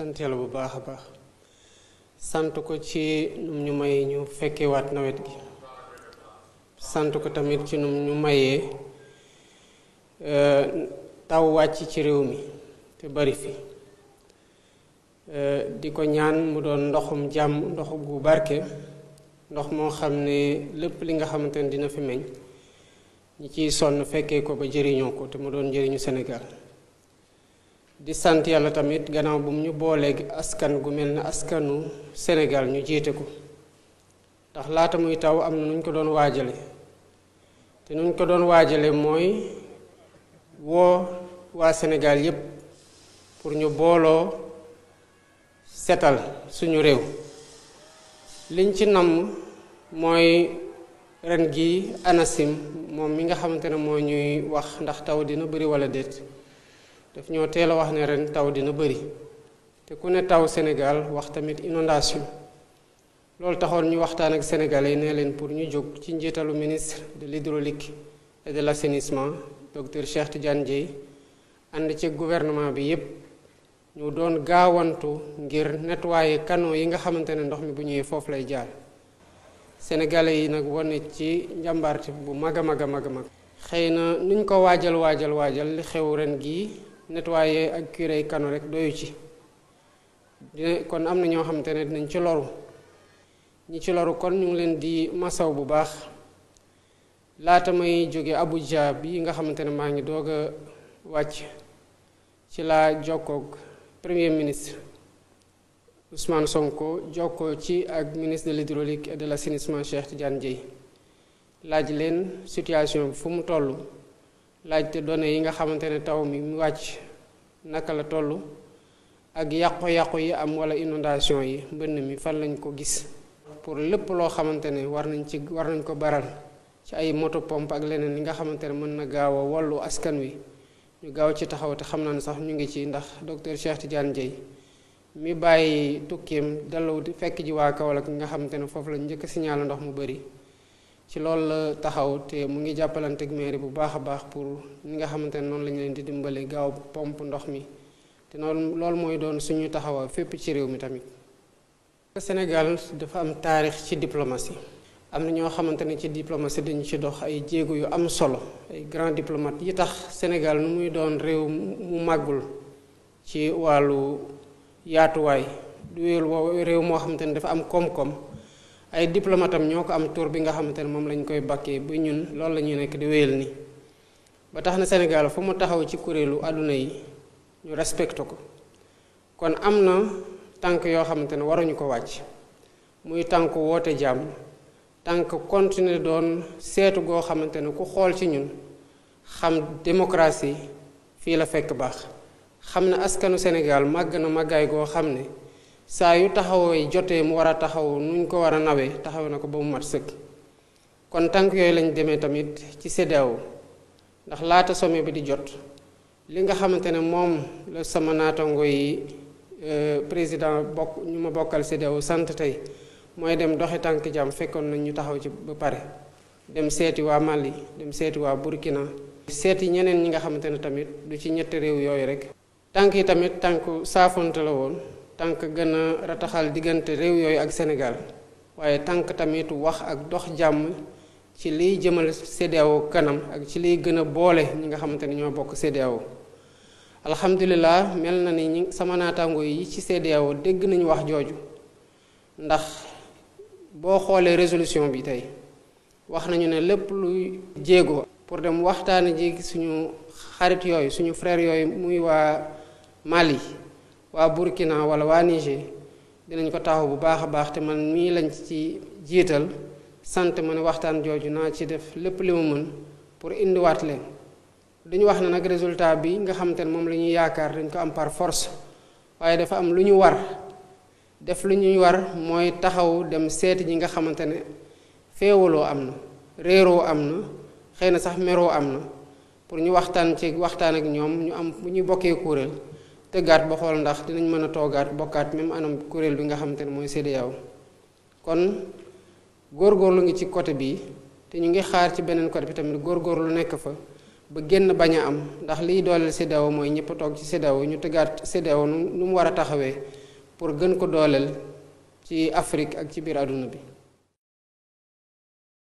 sant yàlla bu baax a baax sant ko ci num ñu may ñu fekkewaat nawet gi sant ko tamit ci num ñu mayee taw wàcc ci réew mi te bari fi e, di ko ñaan mu doon ndoxum jàmm ndox gu barke ndox moo xam ne lépp li nga xamante ne dina fi meñ ñi ciy sonn fekkee ko ba jëriñoo ko te mu doon jëriñu Sénégal di sant yàlla tamit gannaaw bu ñu booleegi askan gu mel na askanu Sénégal ñu jiite ko ndax laata muy taw am na nuñ ko doon waajale te nuñ ko doon waajale mooy woo waa senegaal yépp pour ñu booloo setal suñu réew liñ ci namm mooy ren gi ANACIM moom mi nga xamante ne moo ñuy wax ndax taw dina bëri walla déet daf ñoo teel a wax ne ren taw dina bëri te ku ne taw sénégal wax tamit inondation loolu taxoon ñu waxtaan ak sénégalais ne leen pour ñu jóg ci njiitalu ministre de l'hydraulique et de l'assainissement docteur cheikh tidiane dieye ànd ci gouvernement bi yépp ñu doon gaawantu ngir nettoyer canaux yi nga xamante ne ndox mi bu ñëwee foofu lay jaar sénégalais yi nag wone ci njàmbaarte bu mag a mag a mag mag xëy na nuñ ko waajal waajal waajal li xew ren gii nettoyer ak curé kanu rek doyu ci kon am ño xamantene xamante dinañ ci loru ñi ci loru kon ñu ngi di massaw bu baax laata may joggé abuja bi nga xamantene ma ngi doga wacc ci la premier ministre Ousmane Sonko joko ci ak ministre de l'hydraulique et de l'assainissement Cheikh Tidiane Dieye laaj leen situation fu mu tollu laajte données yi nga xamante ne taw mi mu wàcc naka la toll ak yàqu-yàqu yi am wala inondation yi mbënn mi fan lañ ko gis pour lépp loo xamante ne war nañ ci war nañ ko baral ci ay moto pompe ak leneen li nga xamante ne mën na gaaw a wallu askan wi ñu gaaw ci taxaw te xam na ne sax ñu ngi ci ndax docteur Cheikh Tidiane jay mi bàyyi tukkeem delloo fekk ji waa Kaolack nga xamante ne foofu lañ njëkk a signalé ndox mu bari ci loolu la taxaw te mu ngi jàppalanteeg mairie bu baax a baax pour ñi nga xamante ne noonu la ñu leen di dimbale gaaw pomp ndox mi te noonu loolu mooy doon suñu taxawa fépp ci réew mi tamit. Sénégal dafa am taarix ci diplomatie am na ñoo xamante ne ci diplomatie dañu ci dox ay jéego yu am solo ay grand diplomate yi tax Sénégal nu muy doon réew mu màggul ci wàllu yaatuwaay du réew moo réew moo xamante ne dafa am koom-koom. ay diplomatam ñoo ko am tur bi nga xamante ne moom lañu koy bàkkee ba ñun loolu la nekk di wéyal ni ba tax na Sénégal fu mu taxaw ci kuréelu àdduna yi ñu respecté ko kon am na tànk yoo xamante ne waruñu ko wàcc muy tànk woote jàmm tànk continuer doon seetu goo xamante ne ku xool ci ñun xam démocratie fii la fekk baax xam ne askanu Sénégal màgg na màggaay goo xam ne saa yu taxawee jotee mu war a taxaw nuñ ko war a nawee taxaw na ko ba mu mat sëkk kon tànk yooyu lañ demee tamit ci CEDEAO ndax laata some bi di jot li nga xamante ne moom la sama naatango yi euh, président bokk ñu ma bokkal CEDEAO sant tey mooy dem doxe tànk jàmm fekkoon nañ ñu taxaw ci ba pare dem seeti waa Mali dem seeti waa Burkina seeti ñeneen ñi nga xamante ne tamit du ci ñetti réew yooyu rek tànk yi tamit tànk saafonte la woon tànk gën a rataxal diggante réew yooyu ak Sénégal waaye tànk tamitu wax ak dox jàmm ci liy jëmal CEDEAO kanam ak ci liy gën a boole ñi nga xamante ni ñoo bokk CEDEAO alhamdulilah mel na ni ñi sama naataangoo yi ci CEDEAO dégg nañu wax jooju ndax boo xoolee résolution bi tey wax nañu ne lépp luy jéego pour dem waxtaane ji suñu xarit yooyu suñu freer yooyu muy waa Mali waa Burkina wala waa Niger dinañ ko taxaw bu baax a baax te man mii lañ ci jiital sant ma ne waxtaan jooju naa ci def lépp li ma mën pour indiwaat leen duñu wax ne nag résultat bi nga xamante ne moom la ñuy yaakaar dañ ko am par force waaye dafa am lu ñu war def lu ñuy war mooy taxaw dem seeti ji nga xamante ne féewaloo am na réeroo am na xëy na sax meroo am na pour ñu waxtaan ci waxtaan ak ñoom ñu am bu ñu bokkee kuréel tëggaat ba xool ndax dinañ mën a toogaat bokkaat même anam kuréel bi nga xamante ne mooy CEDEAO kon góor góor lu ngi ci côté bi te ñu ngi xaar ci beneen côté bi tamit góor lu nekk fa ba génn bañ a am ndax liy dooleel CEDEAO mooy ñëpp toog ci CEDEAO ñu tëggaat CEDEAO nu mu war a taxawee pour gën ko dooleel ci Afrique ak ci biir àdduna bi